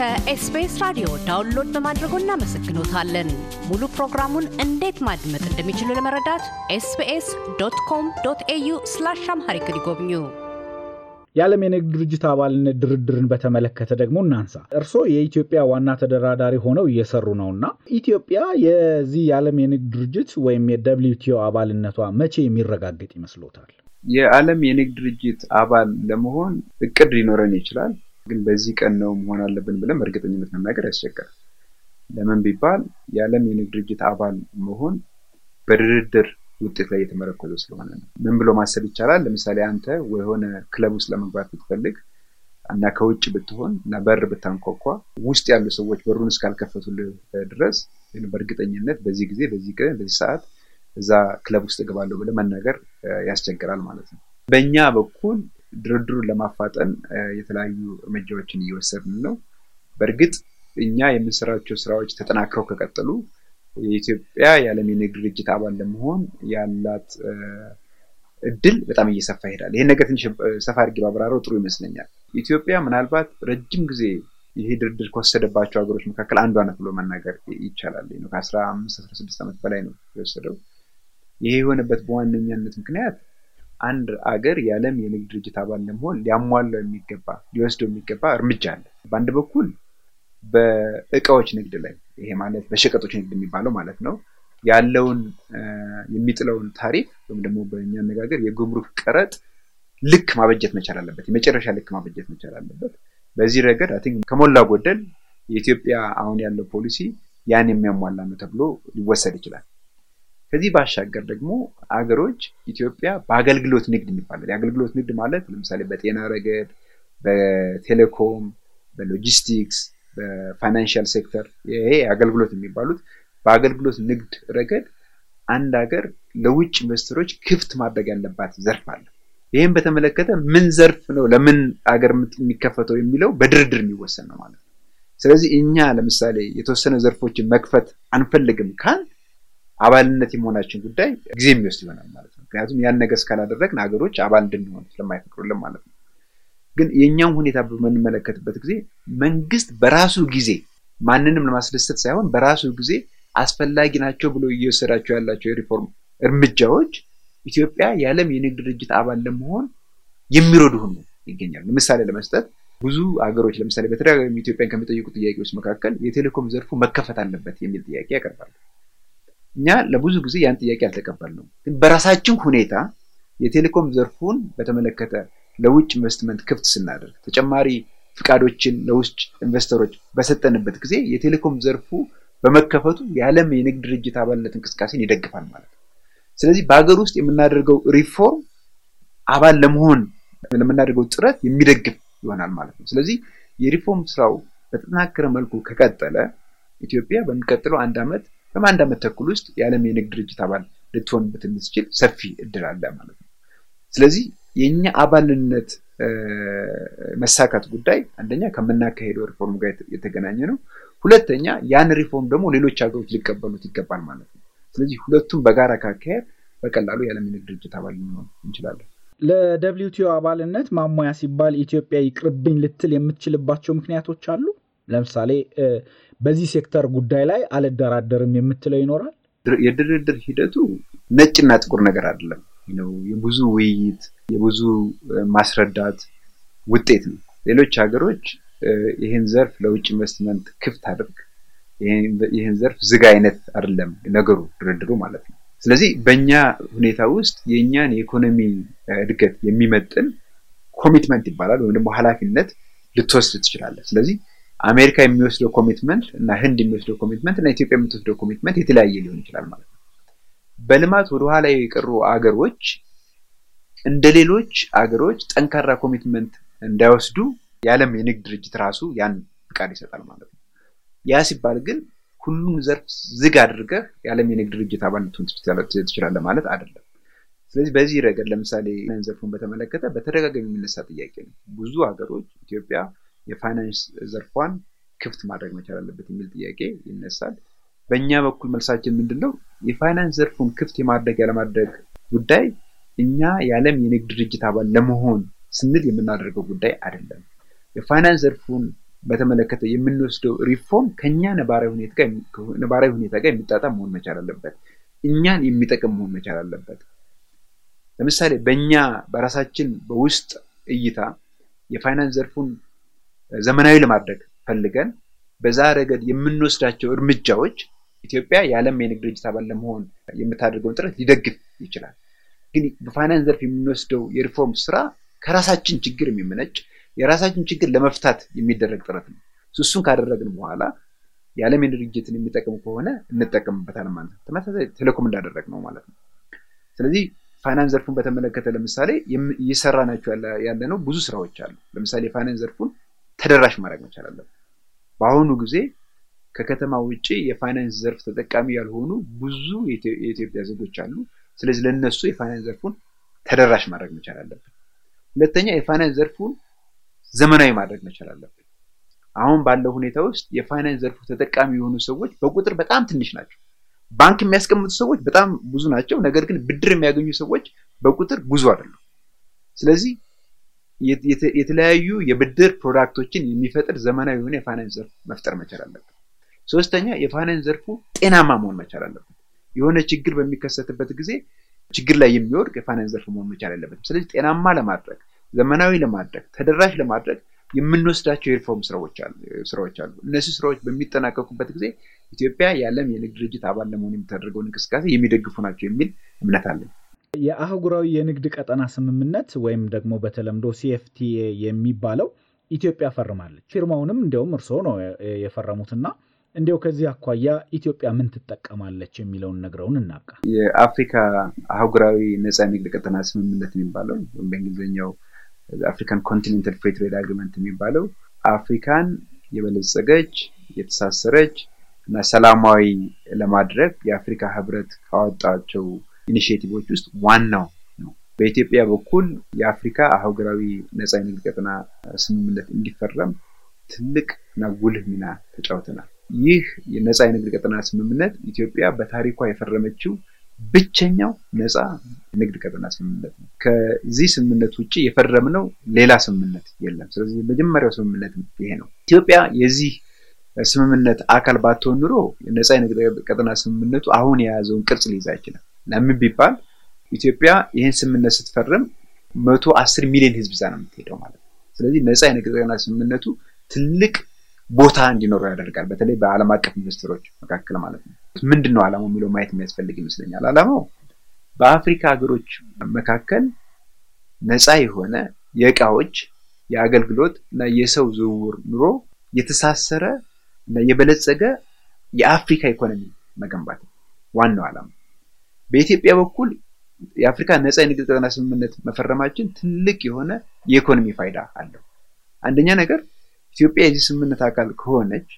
ከኤስቢኤስ ራዲዮ ዳውንሎድ በማድረጎ እናመሰግኖታለን። ሙሉ ፕሮግራሙን እንዴት ማድመጥ እንደሚችሉ ለመረዳት ኤስቢኤስ ዶት ኮም ዶት ኤዩ ስላሽ አምሃሪክ ይጎብኙ። የዓለም የንግድ ድርጅት አባልነት ድርድርን በተመለከተ ደግሞ እናንሳ። እርስዎ የኢትዮጵያ ዋና ተደራዳሪ ሆነው እየሰሩ ነውና ኢትዮጵያ የዚህ የዓለም የንግድ ድርጅት ወይም የደብሊውቲኦ አባልነቷ መቼ የሚረጋገጥ ይመስሎታል? የዓለም የንግድ ድርጅት አባል ለመሆን እቅድ ሊኖረን ይችላል። ግን በዚህ ቀን ነው መሆን አለብን ብለን በእርግጠኝነት መናገር ያስቸግራል። ለምን ቢባል የዓለም የንግድ ድርጅት አባል መሆን በድርድር ውጤት ላይ የተመረኮዘ ስለሆነ ነው። ምን ብሎ ማሰብ ይቻላል? ለምሳሌ አንተ የሆነ ክለብ ውስጥ ለመግባት ብትፈልግ እና ከውጭ ብትሆን እና በር ብታንኳኳ ውስጥ ያሉ ሰዎች በሩን እስካልከፈቱልህ ድረስ በእርግጠኝነት በዚህ ጊዜ፣ በዚህ ቀን፣ በዚህ ሰዓት እዛ ክለብ ውስጥ እገባለሁ ብለህ መናገር ያስቸግራል ማለት ነው። በእኛ በኩል ድርድሩን ለማፋጠን የተለያዩ እርምጃዎችን እየወሰድን ነው። በእርግጥ እኛ የምንሰራቸው ስራዎች ተጠናክረው ከቀጠሉ የኢትዮጵያ የዓለም የንግድ ድርጅት አባል ለመሆን ያላት እድል በጣም እየሰፋ ይሄዳል። ይህን ነገር ትንሽ ሰፋ አድርጌ ባብራረው ጥሩ ይመስለኛል። ኢትዮጵያ ምናልባት ረጅም ጊዜ ይሄ ድርድር ከወሰደባቸው ሀገሮች መካከል አንዷ ናት ብሎ መናገር ይቻላል። ከአስራ አምስት አስራ ስድስት ዓመት በላይ ነው የወሰደው። ይሄ የሆነበት በዋነኛነት ምክንያት አንድ አገር የዓለም የንግድ ድርጅት አባል ለመሆን ሊያሟላው የሚገባ ሊወስደው የሚገባ እርምጃ አለ። በአንድ በኩል በእቃዎች ንግድ ላይ ይሄ ማለት በሸቀጦች ንግድ የሚባለው ማለት ነው ያለውን የሚጥለውን ታሪፍ ወይም ደግሞ በእኛ አነጋገር የጉምሩክ ቀረጥ ልክ ማበጀት መቻል አለበት። የመጨረሻ ልክ ማበጀት መቻል አለበት። በዚህ ረገድ አይ ቲንክ ከሞላ ጎደል የኢትዮጵያ አሁን ያለው ፖሊሲ ያን የሚያሟላ ነው ተብሎ ሊወሰድ ይችላል። ከዚህ ባሻገር ደግሞ አገሮች ኢትዮጵያ በአገልግሎት ንግድ የሚባለው የአገልግሎት ንግድ ማለት ለምሳሌ በጤና ረገድ፣ በቴሌኮም፣ በሎጂስቲክስ፣ በፋይናንሽል ሴክተር ይሄ አገልግሎት የሚባሉት በአገልግሎት ንግድ ረገድ አንድ ሀገር ለውጭ ኢንቨስተሮች ክፍት ማድረግ ያለባት ዘርፍ አለ። ይህም በተመለከተ ምን ዘርፍ ነው ለምን ሀገር የሚከፈተው የሚለው በድርድር የሚወሰን ነው ማለት ነው። ስለዚህ እኛ ለምሳሌ የተወሰነ ዘርፎችን መክፈት አንፈልግም ካል አባልነት የመሆናችን ጉዳይ ጊዜ የሚወስድ ይሆናል ማለት ነው። ምክንያቱም ያን ነገር እስካላደረግን ሀገሮች አባል እንድንሆን ስለማይፈቅዱልን ማለት ነው። ግን የእኛም ሁኔታ በምንመለከትበት ጊዜ መንግስት በራሱ ጊዜ ማንንም ለማስደሰት ሳይሆን በራሱ ጊዜ አስፈላጊ ናቸው ብሎ እየወሰዳቸው ያላቸው የሪፎርም እርምጃዎች ኢትዮጵያ የዓለም የንግድ ድርጅት አባል ለመሆን የሚረዱ ሆኖ ይገኛል። ለምሳሌ ለመስጠት ብዙ አገሮች ለምሳሌ በተደጋጋሚ ኢትዮጵያን ከሚጠይቁ ጥያቄዎች መካከል የቴሌኮም ዘርፉ መከፈት አለበት የሚል ጥያቄ ያቀርባሉ። እኛ ለብዙ ጊዜ ያን ጥያቄ አልተቀበልነውም። ግን በራሳችን ሁኔታ የቴሌኮም ዘርፉን በተመለከተ ለውጭ ኢንቨስትመንት ክፍት ስናደርግ ተጨማሪ ፍቃዶችን ለውጭ ኢንቨስተሮች በሰጠንበት ጊዜ የቴሌኮም ዘርፉ በመከፈቱ የዓለም የንግድ ድርጅት አባልነት እንቅስቃሴን ይደግፋል ማለት ነው። ስለዚህ በሀገር ውስጥ የምናደርገው ሪፎርም አባል ለመሆን ለምናደርገው ጥረት የሚደግፍ ይሆናል ማለት ነው። ስለዚህ የሪፎርም ስራው በተጠናከረ መልኩ ከቀጠለ ኢትዮጵያ በሚቀጥለው አንድ ዓመት በአንድ አንድ ዓመት ተኩል ውስጥ የዓለም የንግድ ድርጅት አባል ልትሆን የምትችል ሰፊ እድል አለ ማለት ነው። ስለዚህ የእኛ አባልነት መሳካት ጉዳይ አንደኛ ከምናካሄደው ሪፎርም ጋር የተገናኘ ነው። ሁለተኛ ያን ሪፎርም ደግሞ ሌሎች ሀገሮች ሊቀበሉት ይገባል ማለት ነው። ስለዚህ ሁለቱም በጋራ ካካሄድ በቀላሉ የዓለም የንግድ ድርጅት አባል ልንሆን እንችላለን። ለደብሊውቲኦ አባልነት ማሟያ ሲባል ኢትዮጵያ ይቅርብኝ ልትል የምትችልባቸው ምክንያቶች አሉ። ለምሳሌ በዚህ ሴክተር ጉዳይ ላይ አልደራደርም የምትለው ይኖራል። የድርድር ሂደቱ ነጭና ጥቁር ነገር አይደለም። የብዙ ውይይት፣ የብዙ ማስረዳት ውጤት ነው። ሌሎች ሀገሮች ይህን ዘርፍ ለውጭ ኢንቨስትመንት ክፍት አድርግ፣ ይህን ዘርፍ ዝግ አይነት አይደለም ነገሩ ድርድሩ ማለት ነው። ስለዚህ በእኛ ሁኔታ ውስጥ የእኛን የኢኮኖሚ እድገት የሚመጥን ኮሚትመንት ይባላል ወይም ደግሞ ኃላፊነት ልትወስድ ትችላለህ። ስለዚህ አሜሪካ የሚወስደው ኮሚትመንት እና ህንድ የሚወስደው ኮሚትመንት እና ኢትዮጵያ የምትወስደው ኮሚትመንት የተለያየ ሊሆን ይችላል ማለት ነው። በልማት ወደ ኋላ የቀሩ አገሮች እንደ ሌሎች አገሮች ጠንካራ ኮሚትመንት እንዳይወስዱ የዓለም የንግድ ድርጅት ራሱ ያን ፍቃድ ይሰጣል ማለት ነው። ያ ሲባል ግን ሁሉም ዘርፍ ዝግ አድርገህ የዓለም የንግድ ድርጅት አባል ልትሆን ትችላለህ ማለት አይደለም። ስለዚህ በዚህ ረገድ ለምሳሌ ዘርፉን በተመለከተ በተደጋጋሚ የሚነሳ ጥያቄ ነው። ብዙ ሀገሮች ኢትዮጵያ የፋይናንስ ዘርፏን ክፍት ማድረግ መቻል አለበት የሚል ጥያቄ ይነሳል። በእኛ በኩል መልሳችን ምንድነው የፋይናንስ ዘርፉን ክፍት የማድረግ ያለማድረግ ጉዳይ እኛ የዓለም የንግድ ድርጅት አባል ለመሆን ስንል የምናደርገው ጉዳይ አይደለም። የፋይናንስ ዘርፉን በተመለከተ የምንወስደው ሪፎርም ከኛ ነባራዊ ሁኔታ ጋር የሚጣጣም መሆን መቻል አለበት። እኛን የሚጠቅም መሆን መቻል አለበት። ለምሳሌ በእኛ በራሳችን በውስጥ እይታ የፋይናንስ ዘርፉን ዘመናዊ ለማድረግ ፈልገን በዛ ረገድ የምንወስዳቸው እርምጃዎች ኢትዮጵያ የዓለም የንግድ ድርጅት አባል ለመሆን የምታደርገውን ጥረት ሊደግፍ ይችላል። ግን በፋይናንስ ዘርፍ የምንወስደው የሪፎርም ስራ ከራሳችን ችግር የሚመነጭ የራሳችን ችግር ለመፍታት የሚደረግ ጥረት ነው። እሱን ካደረግን በኋላ የዓለም የንግድ ድርጅትን የሚጠቅም ከሆነ እንጠቀምበታል ማለት ነው። ተመሳሳይ ቴሌኮም እንዳደረግ ነው ማለት ነው። ስለዚህ ፋይናንስ ዘርፉን በተመለከተ ለምሳሌ እየሰራናቸው ያለነው ብዙ ስራዎች አሉ። ለምሳሌ የፋይናንስ ዘርፉን ተደራሽ ማድረግ መቻል አለብን። በአሁኑ ጊዜ ከከተማ ውጭ የፋይናንስ ዘርፍ ተጠቃሚ ያልሆኑ ብዙ የኢትዮጵያ ዜጎች አሉ። ስለዚህ ለነሱ የፋይናንስ ዘርፉን ተደራሽ ማድረግ መቻል አለብን። ሁለተኛ የፋይናንስ ዘርፉን ዘመናዊ ማድረግ መቻል አለብን። አሁን ባለው ሁኔታ ውስጥ የፋይናንስ ዘርፉ ተጠቃሚ የሆኑ ሰዎች በቁጥር በጣም ትንሽ ናቸው። ባንክ የሚያስቀምጡ ሰዎች በጣም ብዙ ናቸው። ነገር ግን ብድር የሚያገኙ ሰዎች በቁጥር ብዙ አይደሉም። ስለዚህ የተለያዩ የብድር ፕሮዳክቶችን የሚፈጥር ዘመናዊ የሆነ የፋይናንስ ዘርፍ መፍጠር መቻል አለበት። ሶስተኛ የፋይናንስ ዘርፉ ጤናማ መሆን መቻል አለበት። የሆነ ችግር በሚከሰትበት ጊዜ ችግር ላይ የሚወድቅ የፋይናንስ ዘርፍ መሆን መቻል አለበት ስለዚህ ጤናማ ለማድረግ ዘመናዊ ለማድረግ ተደራሽ ለማድረግ የምንወስዳቸው የሪፎርም ስራዎች አሉ። እነዚህ ስራዎች በሚጠናቀቁበት ጊዜ ኢትዮጵያ የዓለም የንግድ ድርጅት አባል ለመሆን የምታደርገውን እንቅስቃሴ የሚደግፉ ናቸው የሚል እምነት አለን። የአህጉራዊ የንግድ ቀጠና ስምምነት ወይም ደግሞ በተለምዶ ሲኤፍቲኤ የሚባለው ኢትዮጵያ ፈርማለች። ፊርማውንም እንዲያውም እርስዎ ነው የፈረሙትና እንዲያው ከዚህ አኳያ ኢትዮጵያ ምን ትጠቀማለች የሚለውን ነግረውን እናብቃ። የአፍሪካ አህጉራዊ ነፃ ንግድ ቀጠና ስምምነት የሚባለው በእንግሊዝኛው አፍሪካን ኮንቲኔንታል ፍሪ ትሬድ አግሪመንት የሚባለው አፍሪካን የበለጸገች የተሳሰረች እና ሰላማዊ ለማድረግ የአፍሪካ ህብረት ካወጣቸው ኢኒሽቲቮች ውስጥ ዋናው ነው። በኢትዮጵያ በኩል የአፍሪካ አህጉራዊ ነፃ የንግድ ቀጠና ስምምነት እንዲፈረም ትልቅ ና ጉልህ ሚና ተጫውተናል። ይህ የነፃ የንግድ ቀጠና ስምምነት ኢትዮጵያ በታሪኳ የፈረመችው ብቸኛው ነፃ ንግድ ቀጠና ስምምነት ነው። ከዚህ ስምምነት ውጭ የፈረምነው ሌላ ስምምነት የለም። ስለዚህ የመጀመሪያው ስምምነት ይሄ ነው። ኢትዮጵያ የዚህ ስምምነት አካል ባትሆን ኑሮ ነፃ የንግድ ቀጠና ስምምነቱ አሁን የያዘውን ቅርጽ ሊይዝ አይችልም። ለምን ቢባል ኢትዮጵያ ይህን ስምምነት ስትፈርም መቶ አስር ሚሊዮን ህዝብ ዛ ነው የምትሄደው ማለት ነው። ስለዚህ ነፃ የንግድ ቀጠና ስምምነቱ ትልቅ ቦታ እንዲኖረው ያደርጋል፣ በተለይ በዓለም አቀፍ ኢንቨስተሮች መካከል ማለት ነው። ምንድን ነው ዓላማው የሚለው ማየት የሚያስፈልግ ይመስለኛል። ዓላማው በአፍሪካ ሀገሮች መካከል ነፃ የሆነ የእቃዎች የአገልግሎት እና የሰው ዝውውር ኑሮ የተሳሰረ እና የበለጸገ የአፍሪካ ኢኮኖሚ መገንባት ነው ዋናው ዓላማ። በኢትዮጵያ በኩል የአፍሪካ ነፃ የንግድ ቀጠና ስምምነት መፈረማችን ትልቅ የሆነ የኢኮኖሚ ፋይዳ አለው። አንደኛ ነገር ኢትዮጵያ የዚህ ስምምነት አካል ከሆነች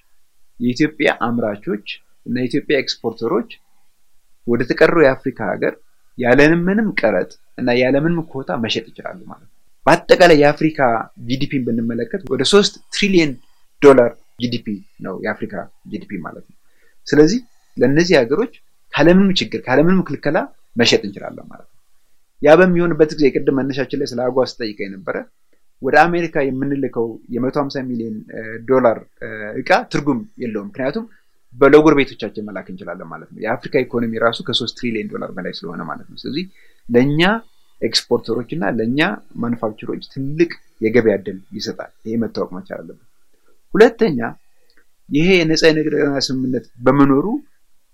የኢትዮጵያ አምራቾች እና የኢትዮጵያ ኤክስፖርተሮች ወደ ተቀረው የአፍሪካ ሀገር ያለምንም ቀረጥ እና ያለምንም ኮታ መሸጥ ይችላሉ ማለት ነው። በአጠቃላይ የአፍሪካ ጂዲፒን ብንመለከት ወደ ሶስት ትሪሊየን ዶላር ጂዲፒ ነው የአፍሪካ ጂዲፒ ማለት ነው። ስለዚህ ለእነዚህ ሀገሮች ካለምንም ችግር ካለምንም ክልከላ መሸጥ እንችላለን ማለት ነው። ያ በሚሆንበት ጊዜ የቅድም መነሻችን ላይ ስለ አጓ ስጠይቀ የነበረ ወደ አሜሪካ የምንልከው የ150 ሚሊዮን ዶላር እቃ ትርጉም የለውም። ምክንያቱም በለጎር ቤቶቻችን መላክ እንችላለን ማለት ነው። የአፍሪካ ኢኮኖሚ ራሱ ከሶስት ትሪሊዮን ዶላር በላይ ስለሆነ ማለት ነው። ስለዚህ ለእኛ ኤክስፖርተሮች እና ለእኛ ማኑፋክቸሮች ትልቅ የገበያ እድል ይሰጣል። ይሄ መታወቅ መቻል አለበት። ሁለተኛ ይሄ የነፃ የንግድ ስምምነት በመኖሩ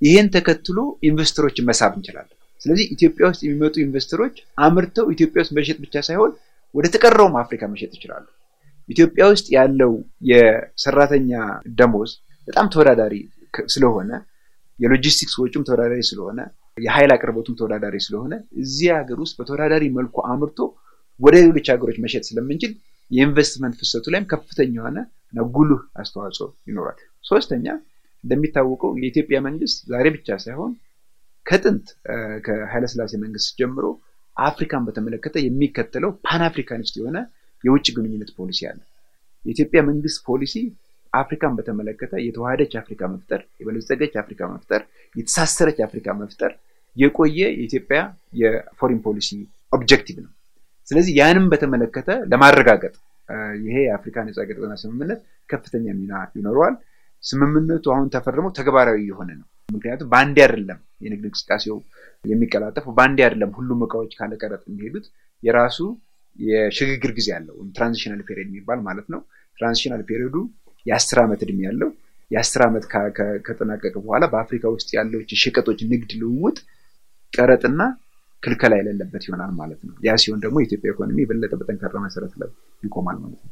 ይህን ተከትሎ ኢንቨስተሮችን መሳብ እንችላለን። ስለዚህ ኢትዮጵያ ውስጥ የሚመጡ ኢንቨስተሮች አምርተው ኢትዮጵያ ውስጥ መሸጥ ብቻ ሳይሆን ወደ ተቀረውም አፍሪካ መሸጥ ይችላሉ። ኢትዮጵያ ውስጥ ያለው የሰራተኛ ደሞዝ በጣም ተወዳዳሪ ስለሆነ፣ የሎጂስቲክስ ወጪም ተወዳዳሪ ስለሆነ፣ የኃይል አቅርቦቱም ተወዳዳሪ ስለሆነ እዚህ ሀገር ውስጥ በተወዳዳሪ መልኩ አምርቶ ወደ ሌሎች ሀገሮች መሸጥ ስለምንችል የኢንቨስትመንት ፍሰቱ ላይም ከፍተኛ የሆነ ጉልህ አስተዋጽኦ ይኖራል። ሶስተኛ እንደሚታወቀው የኢትዮጵያ መንግስት ዛሬ ብቻ ሳይሆን ከጥንት ከኃይለስላሴ መንግስት ጀምሮ አፍሪካን በተመለከተ የሚከተለው ፓን አፍሪካኒስት የሆነ የውጭ ግንኙነት ፖሊሲ አለ። የኢትዮጵያ መንግስት ፖሊሲ አፍሪካን በተመለከተ የተዋሃደች አፍሪካ መፍጠር፣ የበለጸገች አፍሪካ መፍጠር፣ የተሳሰረች አፍሪካ መፍጠር የቆየ የኢትዮጵያ የፎሪን ፖሊሲ ኦብጀክቲቭ ነው። ስለዚህ ያንም በተመለከተ ለማረጋገጥ ይሄ የአፍሪካ ነጻ ስምምነት ከፍተኛ ሚና ይኖረዋል። ስምምነቱ አሁን ተፈርመው ተግባራዊ እየሆነ ነው። ምክንያቱም በአንዴ አይደለም የንግድ እንቅስቃሴው የሚቀላጠፈው፣ በአንዴ አይደለም ሁሉም እቃዎች ካለቀረጥ የሚሄዱት። የራሱ የሽግግር ጊዜ አለው፣ ትራንዚሽናል ፔሪድ የሚባል ማለት ነው። ትራንዚሽናል ፔሪዱ የአስር ዓመት እድሜ ያለው የአስር ዓመት ከጠናቀቀ በኋላ በአፍሪካ ውስጥ ያለው ሸቀጦች ንግድ ልውውጥ ቀረጥና ክልከላ የሌለበት ይሆናል ማለት ነው። ያ ሲሆን ደግሞ የኢትዮጵያ ኢኮኖሚ የበለጠ በጠንካራ መሰረት ላይ ይቆማል ማለት ነው።